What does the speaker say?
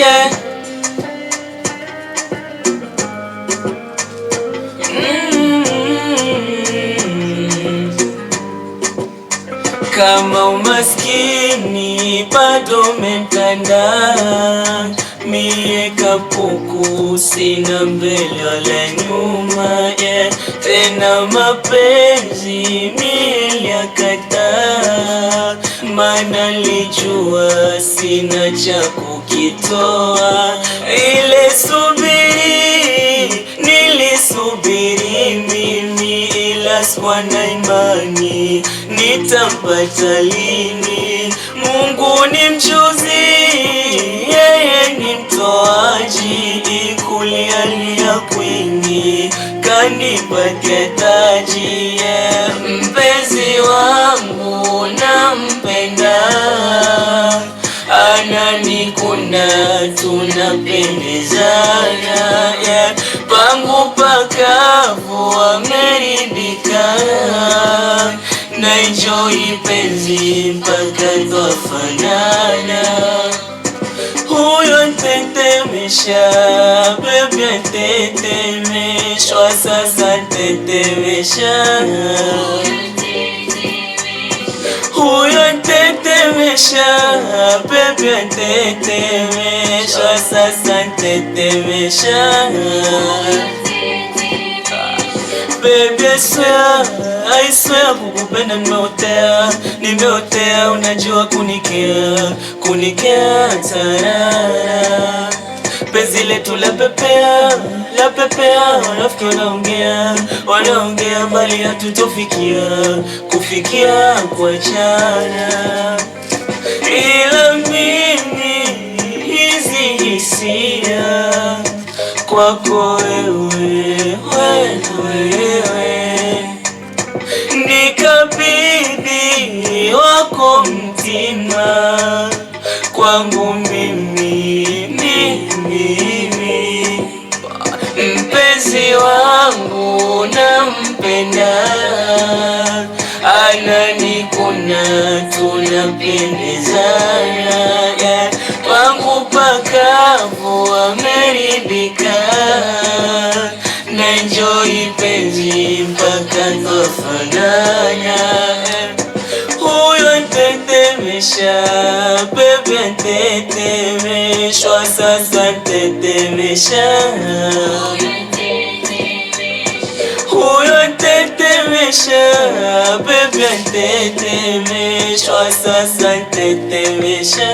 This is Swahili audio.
Mm. Kama umaskini bado umetanda, mie kapuku sina mbele wala nyuma yeah. Tena mapenzi mie liakata, mana lijua sina cha kukitoa, ile subiri nilisubiri mimi, ila sikuwa na imani nitampata lini? Mungu ni mchuzi yeye ni mtoaji, ikulialia kwini kanipatia taji. Yeah, mpenzi wangu nampenda kuna tunapendezana, ya pangu pakavu wameridhika na enjoy penzi mpaka twafanana, huyo ntetemesha bebe, ntetemeshwa sasa, ntetemesha tetemesha, pepe tetemesha, sasa tetemesha, pepe swa swear kukupenda nimeotea, nimeotea, unajua kunikea, kunikea tarara penzi letu la pepea la pepea, wanafiki wanaongea wanaongea, mbali hatutofikia kufikia kwa chana ila mimi hizi hisia kwako wewe wewe nikabidhi wako mtima kwangu mimi mimi mpenzi wangu nampenda ana kuna tunapenda kusaidika nanjoi penzi mpaka tufanana huyo ntetemesha bebe ntetemeshwa sasa ntetemesha huyo ntetemesha bebe ntetemeshwa sasa ntetemesha